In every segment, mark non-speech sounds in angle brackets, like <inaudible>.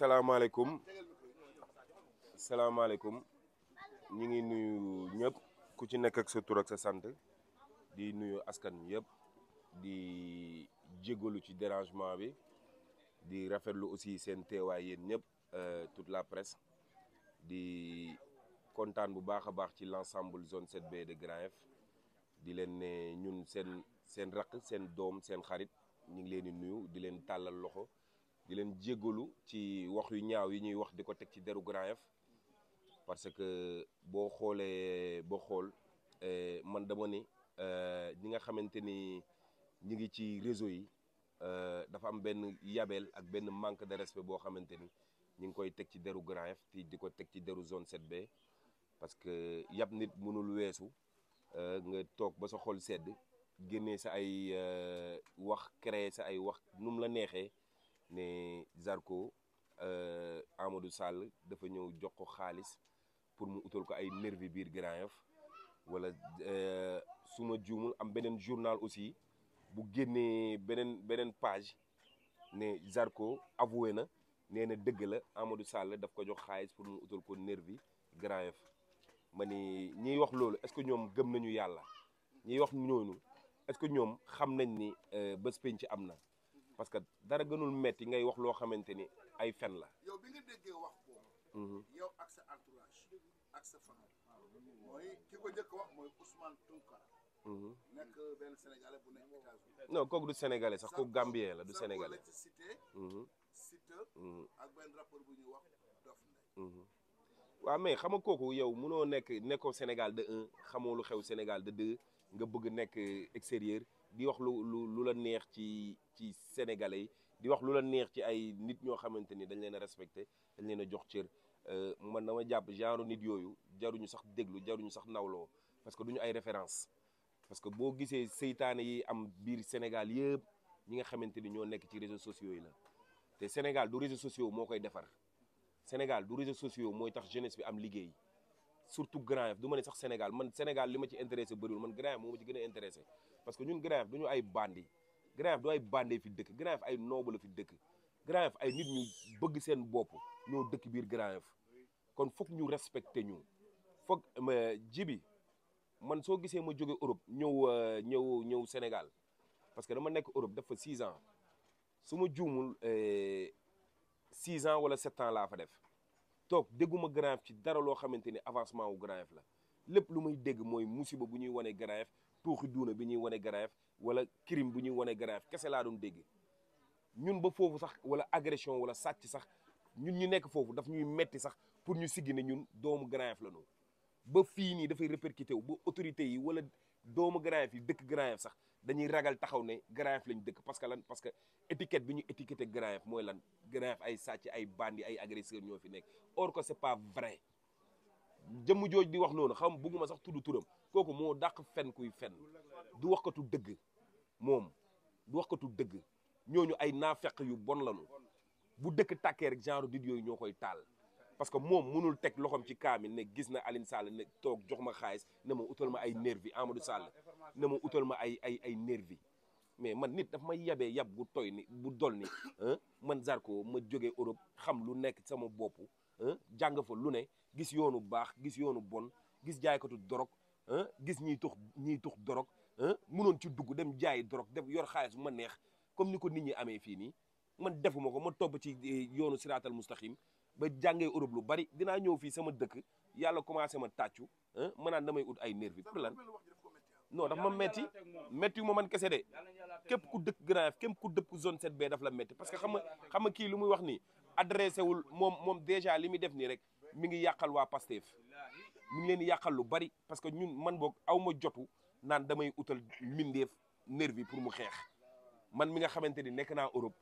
salaamaaleykum salaamaaleykum ñu ngi nuyu ñëpp ku ci nekk ak sa tur ak sa sant di nuyu askan yëpp di jégalu ci dérangement bi di rafetlu aussi seen teewaay yéen ñëpp euh, tout la presse di kontaan bu baax a baax ci l'ensemble zone 7B de Grand Yoff di leen ne ñun seen seen rakk seen doom seen xarit ñu ngi leen di nuyu di leen tàllal loxo. di leen jéggalu ci wax yu ñaaw yi ñuy wax di ko teg ci deru Grand Yoff parce que boo xoolee boo xool eh, man dama ni eh, ñi nga xamante ni ñi ngi ci réseau yi eh, dafa am benn yabeel ak benn manque de respect boo xamante ni ñi ngi koy teg ci deru Grand Yoff te di ko teg ci deru zone 7B parce que yab nit mënul weesu nga toog ba sa xool sedd génnee sa ay wax créer sa ay wax nu mu la neexee ne Zarko euh, Amadou Sall dafa ñëw jox ko xaalis pour mu utal ko ay nervi biir Grand Yoff wala euh, su ma juumul am beneen journal aussi bu génnee beneen beneen page ne Zarko avoué na nee na dëgg la Amadou salle daf ko jox xaalis pour mu utal ko nervi Grand Yoff ma ni wax loolu est-ce que ñoom gëm nañu yàlla ñiy wax ñooñu est-ce que ñoom xam nañ ni euh, bés penc am na parce que dara gënul metti ngay wax loo xamante ni ay fen la. yow bi nga déggee mhm. mhm. kooku du sénégalais sax kooku gambien la du sénégalais. Mhm. waaw mais xam nga kooku yow mënoo nekk nekkoo Sénégal de un xamoo lu xew Sénégal de nga bëgg nekk extérieur. di wax lu lu lu la neex ci ci sénégalais yi di wax lu la neex ci ay nit ñoo xamante ni dañ leen a respecté dañ leen a jox cër euh, man dama jàpp genre nit yooyu jaruñu sax déglu jaruñu sax nawloo parce que du ñu ay référence parce que boo gisee seytaane yi am biir Sénégal yëpp ñi nga xamante ni ñoo nekk ci réseaux sociaux yi la te Sénégal du réseaux sociaux moo koy defar Sénégal du réseaux sociaux mooy tax jeunesse bi am liggéey surtout Grand Yoff du ma ne sax Sénégal man Sénégal li ma ci intéressé bëriwul man Grand moo ci gën a parce que ñun Grand Yoff duñu ay bandi Grand Yoff du fi dëkk Grand ay noobu la fi dëkk Grand Yoff ay nit ñu bëgg seen bopp ñoo dëkk biir Grand kon foog ñu respecté ñu foog jibi man soo gisee ma jóge Europe ñëw euh, ñëw ñëw Sénégal parce que dama nekk Europe dafa fa six ans su ma juumul euh, six ans wala sept ans laa fa def toog dégguma Grand Yoff ci dara loo xamante ni avancement wu Grand Yoff la lépp lu may dégg mooy musiba bu ñuy wanee Grand Yoff tuuxi duuna bi ñuy wane garaaf wala crime bu ñuy wane garaaf kese laa doon dégg ñun ba foofu sax wala agression wala sàcc sax ñun ñu nekk foofu daf ñuy metti sax pour ñu siggi ne ñun doomu garaaf la ñu ba fii nii dafay répercuté wu ba autorité yi wala doomu garaaf yi dëkk garaaf sax dañuy ragal taxaw ne garaaf lañ dëkk parce que lan parce que étiquette bi ñu étiqueté garaaf mooy lan garaaf ay sàcc ay bandi ay agresseur ñoo fi nekk or que c'est pas vrai jëmm jooj di wax noonu xam bugguma sax tudd turam kooku moo dàq fen kuy fen du waxkatu dëgg moom du waxkatu dëgg ñooñu ay naafeq yu bon lañu bu dëkk tàkkee rek genre di yooyu ñoo koy taal parce que moom mënul teg loxoom ci kaamil ne gis na Aline Sall ne toog jox ma xaalis ne ma utal ma ay nervi Amadou Sall ne ma utal ma ay ay ay nervi mais man nit daf may yabee yab bu toy ni bu dol ni man ko ma joge Europe xam lu nekk sama bopp jàng fa lu ne gis yoonu baax gis yoonu bon gis jaaykatu dorog ah gis ñiy tux ñiy tux dorog ah munoon ci dugg dem jaayi dorog def yor xaalis ma neex comme ni ko nit ñi amee fii nii man defuma ko ma topp ci eh, yoonu siraatal mustaqim ba jàngee Europe lu bari dinaa ñëw fii sama dëkk yàlla commencé ma tàccu ah ma naan damay ut ay nervi pour lan non daf ma metti metti yu ma man kese de képp ku dëkk Grand Yoff képp ku dëkk zone 7B daf la metti parce que xam nga xam kii lu muy wax nii adressé wul moom moom déjà li muy def nii rek mi ngi yàqal waa Pastef mu ngi leen yàqal lu bari parce que ñun man boog aw ma jotu naan damay utal mbindeef nervi pour mu xeex man mi nga xamante ni nekk naa Europe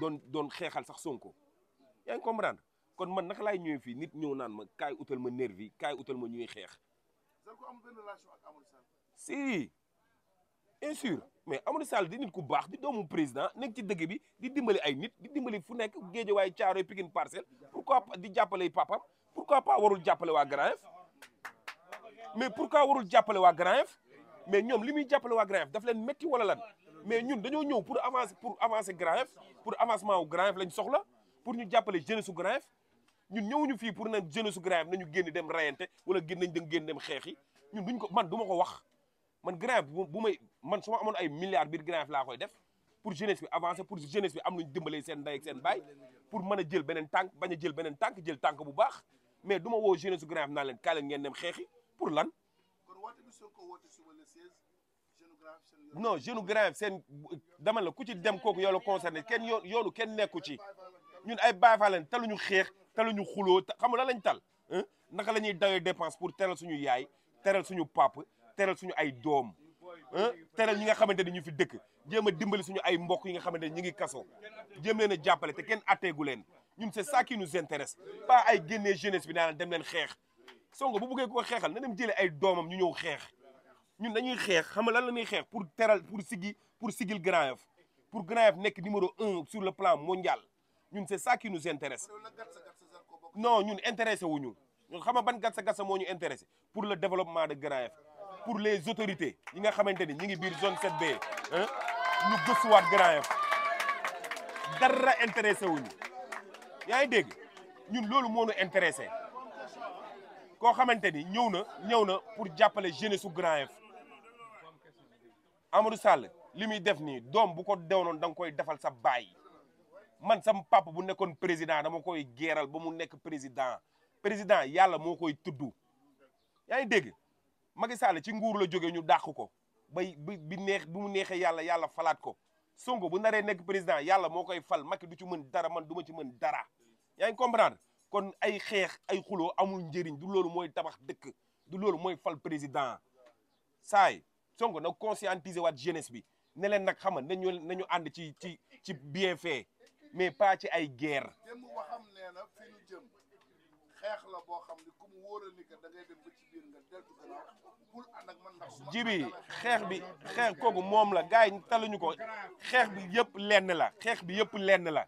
doon doon xeexal sax Sonko yaa ngi kon man naka laay ñëwee fii nit ñëw naan ma kaay utal ma nervi kaay utal ma ñuy xeex. si bien sûr mais Amadou Sall di nit ku baax di doomu président nekk ci dëgg bi di dimbali ay nit di dimbali fu nekk Guédiawaye Thiaroye Pikine Parcelles pourquoi di jàppale papam pourquoi pas warul jàppale waa Grand Yoff mais pourquoi warul jàppale waa Grand Yoff mais ñoom li muy jàppale waa Grand Yoff daf leen métti wala lan mais ñun dañoo ñëw pour avancer pour avancer Grand Yoff pour avancement wu Grand Yoff lañ soxla pour ñu jàppale jeunesse su Grand Yoff ñun ñu fii pour na jeunesse su Grand Yoff nañu génn dem rayante wala génn nañ dem génn dem xeexi ñun duñ ko man du ko wax man Grand Yoff bu may man su ma amoon ay milliards biir Grand laa koy def pour jeunesse bi pour jeunesse bi am luñ dimbalee seen ndey ak seen a jël beneen tànk bañ a jël beneen tànk jël tànk bu baax mais du ma woo jeunesse su Grand Yoff naa leen kaay ngeen dem xeexi pour lan. non jeune grand seen dama la ku ci dem kooku yow la concerné kenn yoonu kenn nekku ci ñun ay Baay Faal lañ taluñu xeex taluñu xuloo xam nga lan lañ tal naka la ñuy dawee dépense pour teral suñu yaay teral suñu pap teral suñu ay doom teral ñi nga xamante ni ñu fi dëkk jéem a dimbali suñu ay mbok yi nga xamante ni ñu ngi kaso jéem leen jàppale te kenn atteegu leen ñun c'est ça qui nu intéresse pas ay génnee jeunesse bi naan dem leen xeex Sonko bu bëggee ko xeexal na dem jëlee ay doomam ñu ñëw xeex ñun dañuy xeex xam nga lan la ñuy xeex pour teral pour siggi pour sigil Grand Yoff pour Grand Yoff nekk numéro un sur le plan mondial ñun c'est ça qui nous intéresse non ñun wu ñu ñun xam nga ban gatsa gatsa moo ñu intéressé pour le développement de Grand Yoff pour les autorités ñi nga xamante ni ñi ngi biir zone 7 be ñu gëstuwaat Grand Yoff dara intéressé wuñu yaa ngi dégg ñun loolu moo ñu intéressé koo xamante ni ñëw na ñëw na pour jàppale jeunesse su Grand Yoff Amadou Sall li muy def nii doom bu ko dewnoon da nga koy defal sa baay man sam papa bu nekkoon président dama koy geeral ba mu nekk président président yàlla moo koy tudd yaa ngi dégg Macky Sall ci nguur la jóge ñu dàq ko bay bi bi neex bi mu neexee yàlla yàlla falaat ko Sonko bu naree nekk président yàlla moo koy fal Macky du ci mën dara man duma ci mën dara yaa ngi kon ay xeex ay xuloo amul njëriñ du loolu mooy tabax dëkk du loolu mooy fal président saay Sonko nag conscientiser waat jeunesse bi ne leen nag xam nga nañu nañu ànd ci ci ci bien fait mais pas ci ay guerre. démb waxam xeex la boo man ndax. bi xeex bi xeex kooku moom la gars yi taluñu ko xeex bi yëpp lenn la xeex bi yëpp lenn la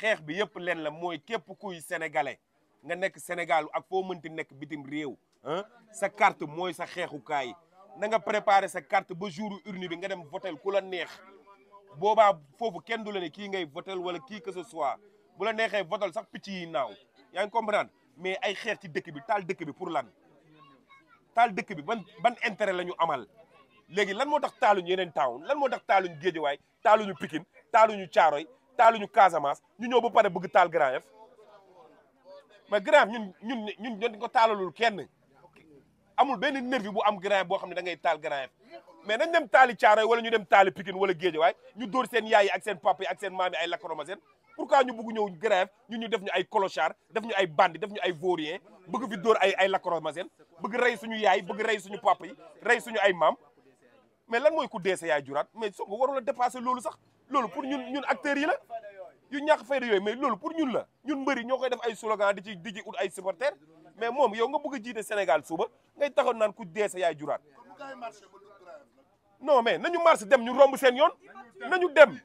xeex bi yëpp lenn la mooy képp kuy sénégalais. nga nekk Sénégal ak foo mënti nekk bitim réew ah sa carte mooy sa xeexukaay na nga préparer sa carte ba jour urne bi nga dem votel ku la neex boobaa foofu kenn du la ne kii ngay votel wala kii que ce soit bu la neexee votel sax picc yi naaw yaa ngi comprendre mais ay xeex ci dëkk bi taal dëkk bi pour lan taal dëkk bi ban ban intérêt la ñu amal léegi lan moo tax taaluñ yeneen taaw lan moo tax taaluñ Géejawaay taaluñu ñu taaluñu Caaroy taaluñu Casamance ñu ñëw ba pare bëgg taal Grand mais grève ñun ñun ñun dañ ko taalalul kenn amul benn nervi bu am grève boo xam ne da ngay taal grève mais nañ dem taali Caaroy wala ñu dem taali Pikine wala Géejawaay ñu dóor seen yaay yi ak seen papa yi ak seen maam yi ay lacrymogène pourquoi ñu bëgg ñëw grève ñun ñu def ñu ay clochard def ñu ay bandi def ñu ay vaurien bëgg fi dóor ay ay lacrymogène bëgg rey suñu yaay bëgg rey suñu papa yi rey suñu ay maam mais lan mooy ku dee sa yaay juraat mais soo ko warul a dépasser loolu sax loolu pour ñun ñun acteurs yi la yu ñàkk fayda yooyu mais loolu pour ñun la ñun mbëri ñoo koy def ay slogan di ci di ci ut ay supporters mais moom yow nga bëgg a jiite Sénégal suba ngay taxaw naan ku dee sa yaay juraat no mais nañu marché dem ñu romb seen yoon nañu dem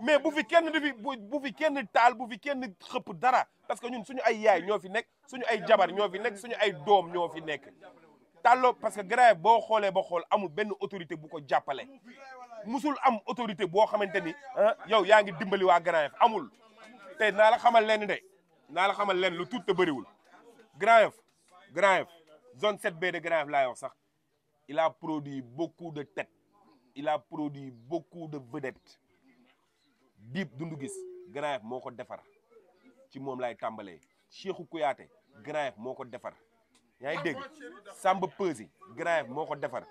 mais bu fi kenn di fi bu fi kenn taal bu fi kenn xëpp dara parce que ñun suñu ay yaay ñoo fi nekk suñu ay jabar ñoo fi nekk suñu ay doom ñoo fi nekk tàlloo parce que grève boo xoolee ba xool amul benn autorité bu ko jàppale musul am autorité boo xamante ni yow yaa ngi dimbali waa Grand Yoff amul te naa la xamal leen de naa la xamal leen lu tuut te bëriwul Grand Yoff Grand Yoff zone 7B de Grand Yoff laay wax sax il produit beaucoup de têtes il produit beaucoup de vedettes Dip Doundou Guiss Grand Yoff moo ko defar ci moom lay tàmbalee Cheikhou Kouyaté Grand Yoff moo ko defar yaa ngi dégg Samba Peuzzi Grand Yoff moo ko defar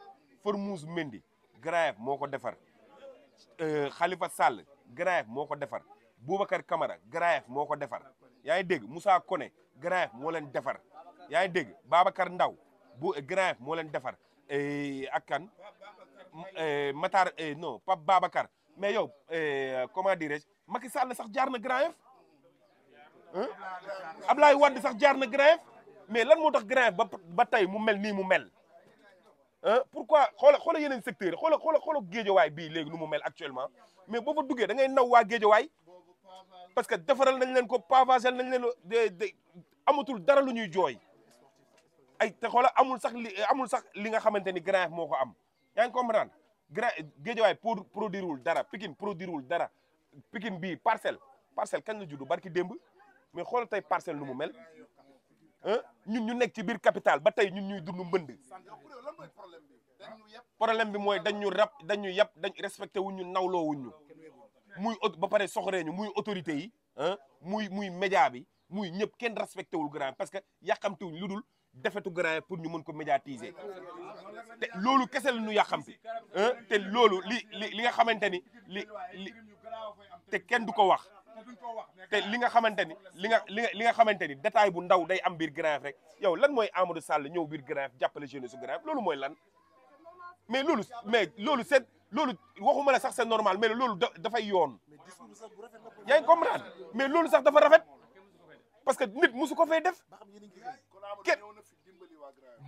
Formose Mendy grave moo ko defar euh, Khalifa Sall grave moo ko defar Boubacar Camara grave moo ko defar yaa ngi dégg Moussa Koné grave moo leen defar yaa ngi dégg Babacar Ndaw bu grave moo leen defar euh, ak kan euh, Matar non Pape Babacar mais yow comment dirais-je Macky Sall sax jaar na grave Ablaye Wade sax jaar na grave mais lan moo tax grave ba ba tey mu mel nii mu mel ah pourquoi xoola xoola yeneen secteur yi xoola xoola xoola géejawaay bii léegi nu mu mel actuellement mais boo fa duggee da ngay naw waa géejawaay parce que defaral nañ leen ko pavagel nañ leen de amatul dara lu ñuy jooy ay te xoola amul sax li amul sax li nga xamante ni Grand Yoff moo ko am yaa ngi comprendre Grand géejawaay pour produire wul dara Pikine produire wul dara Pikine bii parcelle parcelle kañ la juddu barki démb mais xoola tey parcelle nu mu mel ñun ñu nekk ci biir capital ba tey ñun ñuy dund mbënd problème bi mooy dañ ñu rab dañ ñu yàpp dañ respecté wuñ ñu nawloo wuñ ñu muy ba pare soxoree ñu muy autorité yi muy muy média bi muy ñëpp kenn respecté wul grand parce que yàqamte wuñ lu dul defetu grand pour ñu mën ko médiatiser te loolu kese la ñu yàqamti te loolu li li li nga xamante ni li li te kenn du ko wax te li nga xamante ni li nga li nga li ni bu ndaw day am biir Grand Yoff rek yow lan mooy Amadou Sall ñëw biir Grand Yoff jàppale jeunesse su Grand Yoff loolu mooy lan mais loolu mais loolu c'est loolu waxuma la sax c'est normal mais loolu dafay yoon yaa ngi comprendre mais loolu sax dafa rafet parce que nit musu ko fay def kenn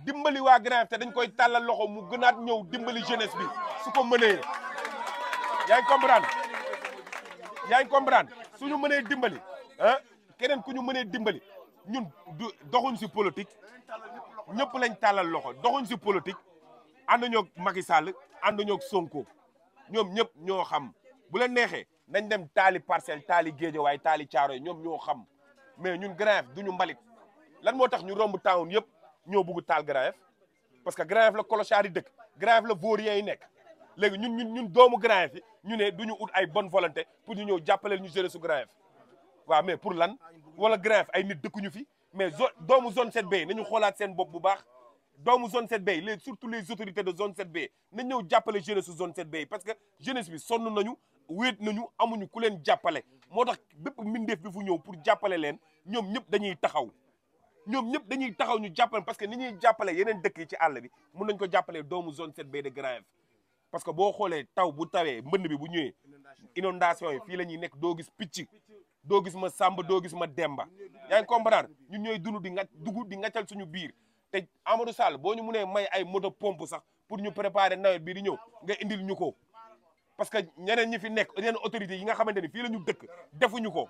dimbali waa Grand Yoff te dañ koy tàllal loxo mu gënaat ñëw dimbali jeunesse bi su ko mënee yaa ngi comprendre yaa ngi comprendre suñu mënee dimbali ah keneen ku ñu mënee dimbali ñun du doxuñ si politique ñëpp lañ tàllal loxo doxuñ si politique ànduñoo ak Macky Sall ànduñoo ak Sonko ñoom ñëpp ñoo xam bu la neexee nañ dem taali parcelle taali géejawaay taali caaro yi ñoom ñoo xam mais ñun du ñu mbalit lan moo tax ñu mu taawun yëpp ñoo bugg taal grève parce que grève la clochard yi dëkk grève la vaurien yi nekk léegi ñun ñun ñun doomu Grand Yoff yi ñu ne du ñu ut ay bonne volonté pour ñu ñëw jàppaleel ñu jeunesse su Grand Yoff waaw mais pour lan wala Grand Yoff ay nit dëkkuñu fi mais doomu zone 7B nañu xoolaat seen bopp bu baax doomu zone 7B les surtout les autorités de zone 7B nañ ñëw jàppale jeunesse su zone 7B parce que jeunesse bi sonn nañu wéet nañu amuñu ku leen jàppale moo tax bépp mbindeef bi fu ñëw pour jàppale leen ñoom ñëpp dañuy taxaw ñoom ñëpp dañuy taxaw ñu jàppale parce que ni ñuy jàppale yeneen dëkk yi ci àll bi mun nañ ko jàppale doomu zone 7B parce que boo xoolee taw bu tawee mbënn bi bu ñëwee inondation yi fii la ñuy nekk doo gis picc doo gis ma sàmb doo gis ma demba yaa ngi comprendre ñun ñooy dund di nga dugg di ngaccal suñu biir te Amadou Sall boo ñu munee may ay moto pompe sax pour ñu préparer nawet bi di ñëw nga indil ñu ko parce que ñeneen ñi fi nekk yeneen autorité yi nga xamante ni fii la ñu dëkk defuñu ko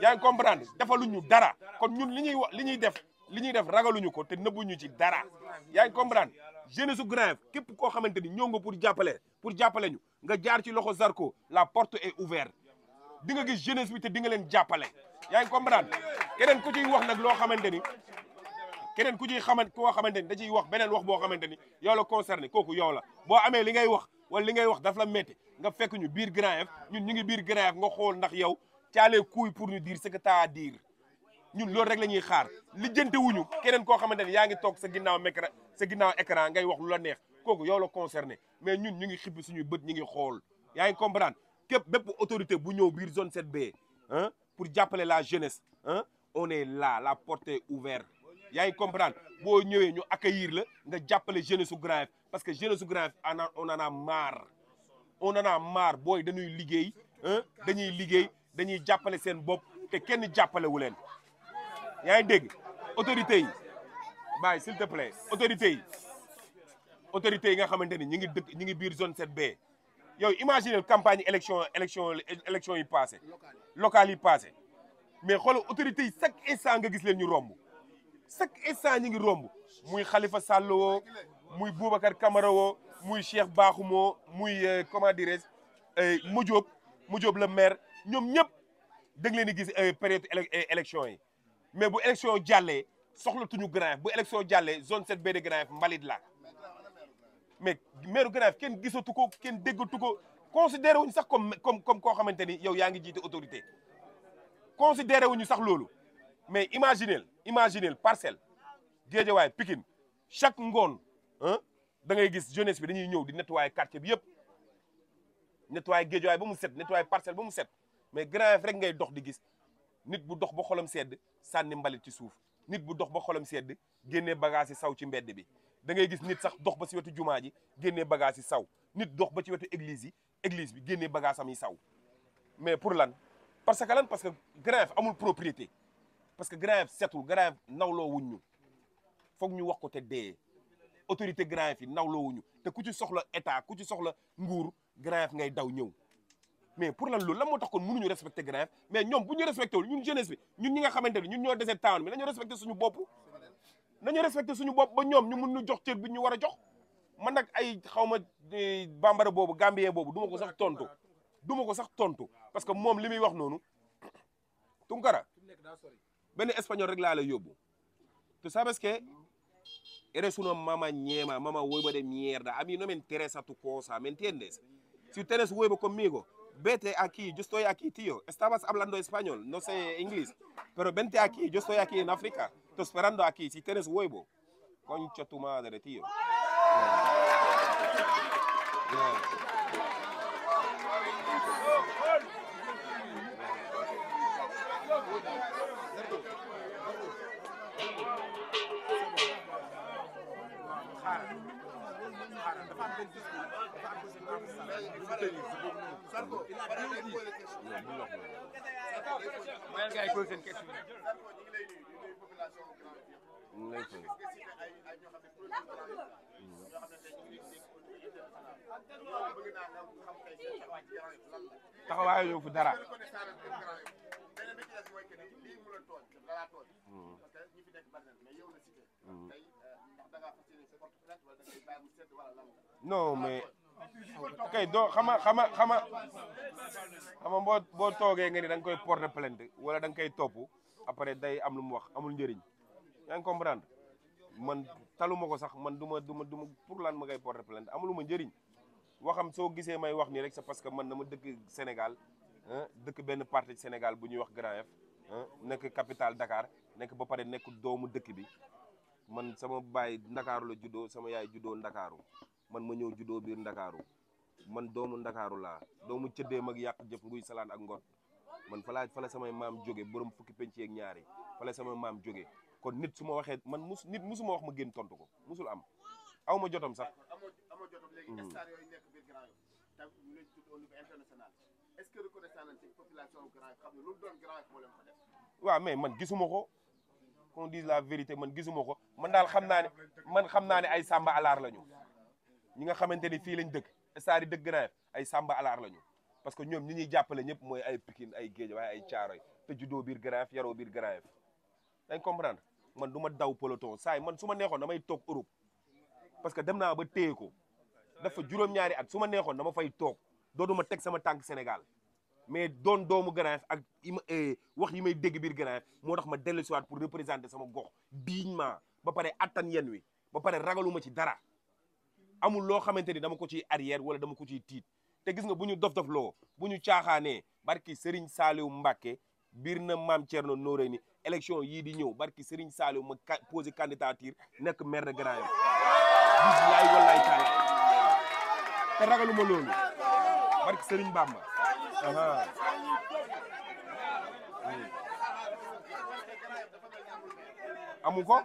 yaa ngi defalu ñu dara kon ñun li ñuy wax li ñuy def li ñuy def ragaluñu ko te nëbbuñu ci dara yaa ngi comprendre jeunesse su Grand Yoff képp koo xamante ni ñëw nga pour jàppale pour jàppale ñu nga jaar ci loxo Zarko la porte est ouverte di nga gis jeunesse bi te di nga leen jàppale. yaa ngi comprendre keneen ku ciy wax nag loo xamante ni keneen ku ciy xamante koo xamante ni da wax beneen wax boo xamante ni yow la concerné kooku yow la boo amee li ngay wax wala li ngay wax daf la métti nga fekk ñu biir Grand Yoff ñun ñu ngi biir Grand Yoff nga xool ndax yow caalee kuuy pur ñu dire ce que t'as à ñun loolu rek la ñuy xaar lijjante wuñu keneen koo xamante ne yaa ngi toog sa ginnaaw écran sa ginnaaw écran ngay wax lu la neex kooku yow la concerné mais ñun ñu ngi xibbi suñuy bët ñu ngi xool yaa ngi comprendre képp bépp autorité bu ñëw biir zone 7B pour jàppale la jeunesse ah on est la porte est ouverte yaa ngi comprendre boo ñëwee ñu accueillir la nga jàppale jeunesse su Grand parce que jeunesse su Grand Yoff on en a marre on booy dañuy liggéey dañuy liggéey dañuy jàppale seen bopp te kenn jàppalewu leen yaa ngi dégg autorités yi bàyyi s'il te plaît autorités yi autorités yi nga xamante ni ñu ngi dëkk ñu ngi biir zone 7B yow imagine campagne élection élection élection yi passé locales yi passé mais xoolal autorité yi chaque instant nga gis leen romb chaque instant ñu ngi romb muy Khalifa Sall muy Boubacar Camara woo muy Cheikh Bakhoum muy euh, comment dirais-je euh, Madiop Madiop le maire ñoom ñëpp da leen di gis euh, période élection yi mais bu élection jàllee soxlatuñu Grand Yoff bu élection jàllee zone 7B de Grand Yoff mbalit la mais maire Grand Yoff kenn gisatu ko kenn déggatu ko considéré wuñu sax comme comme comme koo xamante ni yow yaa ngi jiite autorité considéré wuñu sax loolu mais imaginel imaginel parcelle Guédiawaye Pikine chaque ngoon ah da ngay gis jeunesse bi dañuy ñëw di nettoyer quartier bi yëpp nettoyer Guédiawaye ba mu set nettoyer parcelle ba mu set mais Grand Yoff rek ngay dox di gis nit bu dox ba xolam sedd sànni mbalit ci suuf nit bu dox ba xolam sedd génnee bagage yi saw ci mbedd bi da ngay gis nit sax dox ba si wetu jumaa ji génnee bagage yi saw nit dox ba ci wetu église yi église bi génnee bagage am yi saw mais pour lan parce que lan parce que Grand Yoff amul propriété parce que Grand Yoff setul Grand Yoff nawloo wuñ ñu foog ñu wax ko te dee autorité Grand Yoff yi nawloo wuñ te ku ci soxla état ku ci soxla nguur Grand Yoff ngay daw ñëw mais pour lan loolu lan moo tax kon mënuñu respecté grève mais ñoom bu ñu respecté wul ñun jeunesse bi ñun ñi nga xamante ne ñun ñoo dese town bi nañu respecté suñu bopp nañu respecté suñu bopp ba ñoom ñu mën ñu jox cër bi ñu war a jox man nag ay xaw ma eh, bambara boobu gambien boobu duma ko sax tontu du duma ko sax tontu parce que moom li muy wax noonu <coughs> Tunkara benn espagnol rek laa lay yóbbu tu sabes que eres una ma ñeema mama huevo de mierda a mí no me interesa tu cosa me entiendes si tienes huevo conmigo vete aquí, yo estoy aquí, tío. Estabas hablando español, no sé inglés, pero vente aquí, yo estoy aquí en África, te aquí, si tienes huevo. Concha madre, tío. Sarko balaa ngay posé question. mayal gars yi posé seen question. Sarko ñu ngi lay nuyu ñu ngi population Grand Yoff. ñu ngi lay fay gis nga si ay ay ñoo xam ne produit Grand Yoff la. ñoo xam ne tey ñu ngi dégg au niveau international. loolu bëgg naa nga xam tey seen taxawaay ci Grand Yoff lan la. taxawaay yow fu dara. ñu ngi reconnaissance ak Grand Yoff. beneen bi ci des mooy que ne lii mu la tooñ la laa tooñ. Hmm. parce que ñi fi nekk bari na mais yow la cité. Hmm. tey euh, ndax da ngaa fas yéene sa porte plainte wala da ngay bàyyi mu sedd wala lan la. non mais. kay doo xama xama xama xama boo boo toogee nga ni da koy porter plainte wala da nga koy topp après day am lu mu wax amul njëriñ yaa ngi comprendre man taluma ko sax man du ma du ma du ma pour lan ma koy porter amulu ma njëriñ waxam soo gisee may wax nii rek c'est parce que man dama dëkk Sénégal dëkk benn partie Sénégal bu ñuy wax Grand F nekk capital dakaar nekk ba pare nekk doomu dëkk bi man sama baay Ndakaaru la juddoo sama yaay juddoo Ndakaaru man ma ñëw juddoo biir ndakaaru man doomu ndakaaru laa doomu cëddeem mag yàq jëf nguy salaan ak ngot man fa laa fa samay maam jóge borom fukki penc yeeg ñaari fa la samay maam jóge kon nit su ma waxee man mus nit musu ma wax ma génn tontu ko musul am aw ma jotam sax. amoo jotam mm. ce que waaw mais man gisuma ko qu'on dise la vérité man gisuma ko man daal xam naa ne man xam naa ne ay Samba Alaar lañu. ñi nga xamante ni fii lañ dëkk star yi dëkk Grand ay Samba alaar lañu parce que ñoom ñi ñuy jàppale ñëpp mooy ay Pikine ay Guédiawaye ay Thiaroye te juddoo biir Grand yaroo biir Grand dañ man du ma daw peloton saa man su ma neexoon damay toog Europe parce que dem naa ba téye dafa juróom-ñaari at su ma neexoon dama fay toog ma teg sama tànk Sénégal mais doon doomu Grand ak eh, wax yi may dégg biir Grand moo tax ma dellusiwaat pour représenter sama gox dignement ba pare attan yen wi ba pare ragaluma ci dara amul loo xamante ni dama ko ciy arrière wala dama ko ciy tiit te gis nga bu ñu dof-dof loo bu ñu caaxaanee barki Serigne Saliou Mbacké biir na maam Thierno Nooré ni élection yii di ñëw barki Serigne Saliou ma posé nekk maire de Grand Yoff billaay wallaay taala te loolu barki Serigne Bamba amu ko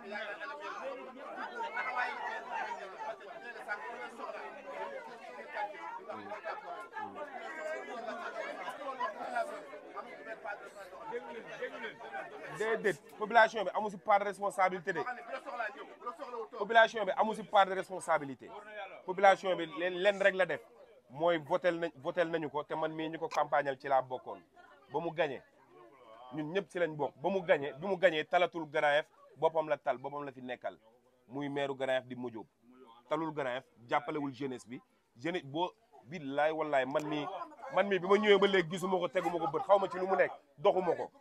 déedéet population bi amu si part de responsabilité de population bi amu si part de responsabilité population bi leen rek la def mooy votel na votel nañu ko te man mii ñu ko campagnal ci laa bokkoon ba mu gañee ñun ñëpp ci lañ bokk ba mu gañe bi mu gañee talatul Grand Yoff boppam la tal boppam la fi nekkal muy meeru Grand Yoff mu mujjub talul Grand Yoff jàppalewul jeunesse bi billaay wallaay man mi man mi bi ma ñëwee ba léegi gisuma ko teguma ko bët xaw ma ci lu mu nekk doxuma ko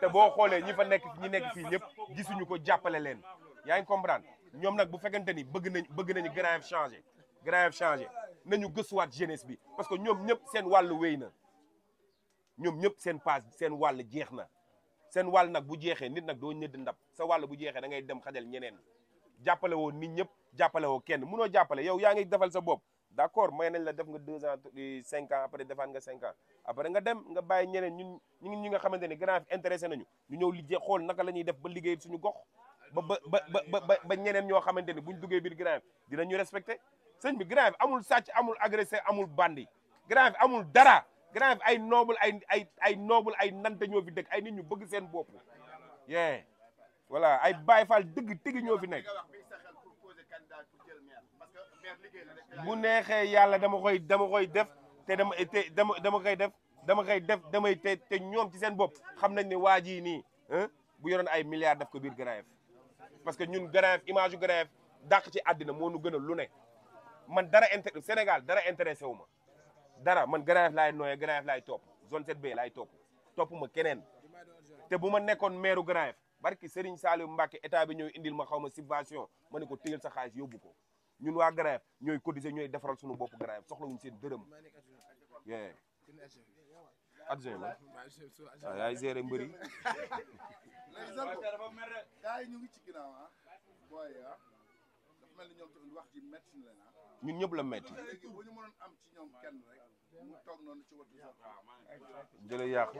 te boo xoolee ñi fa nekk ñi nekk fii ñëpp gisuñu ko jàppale leen yaa ngi comprendre ñoom nag bu fekkente ni bëgg nañ bëgg nañu grave changé grave changé nañu gëstuwaat jeunesse bi parce que ñoom ñëpp seen wàll wéy na ñoom ñëpp seen paas seen wàll jeex na seen wàll nag bu jeexee nit nag doo ñëdd ndab sa wàll bu jeexee da ngay dem xajal ñeneen jàppale woo nit ñëpp jàppale woo kenn munoo jàppale yow yaa ngi defal sa bopp d' accord may nañ la def nga deux ans cinq ans après defaat nga cinq ans après nga dem nga bàyyi ñeneen ñun ñun ñi nga xamante ne grand fi intéressé nañu ñu ñëw liggéey xool naka la ñuy def ba liggéey suñu gox ba ba ba ba ba ñeneen ñoo xamante ne buñ duggee biir grand dinañu respecté sëñ bi grand amul sàcc amul agressé amul bandi grand amul dara grand ay noble ay ay ay noble ay nante ñoo fi dëkk ay nit ñu bëgg seen bopp. yee voilà ay Baay Faal dëgg tigi ñoo fi nekk. bu neexee yàlla dama koy dama koy def te dama te dama dama koy def dama koy def damay te te ñoom ci seen bopp xam nañ ne waa jii nii bu yoroon ay milliards def ko biir Grand Yoff parce que ñun Grand Yoff image yu Grand Yoff dàq ci àddina moo nu gën a lu ne man dara inter Sénégal dara intéressé wu ma dara man Grand Yoff laay nooyee Grand Yoff laay topp zone 7B laay topp topp ma keneen te bu ma nekkoon maire Grand Yoff barki Serigne Saliou Mbacke état bi ñëw indil ma xaw ma subvention ma ne ko téyel sa xaalis yóbbu ko ñun waa Grand ñooy cotiser ñooy defaral suñu bopp Grand Yoff soxlawuñ seen dërëm. yee adjoint la waaw ah, yaay gérer mbër yi. ñun ñëpp la metti jële yàqu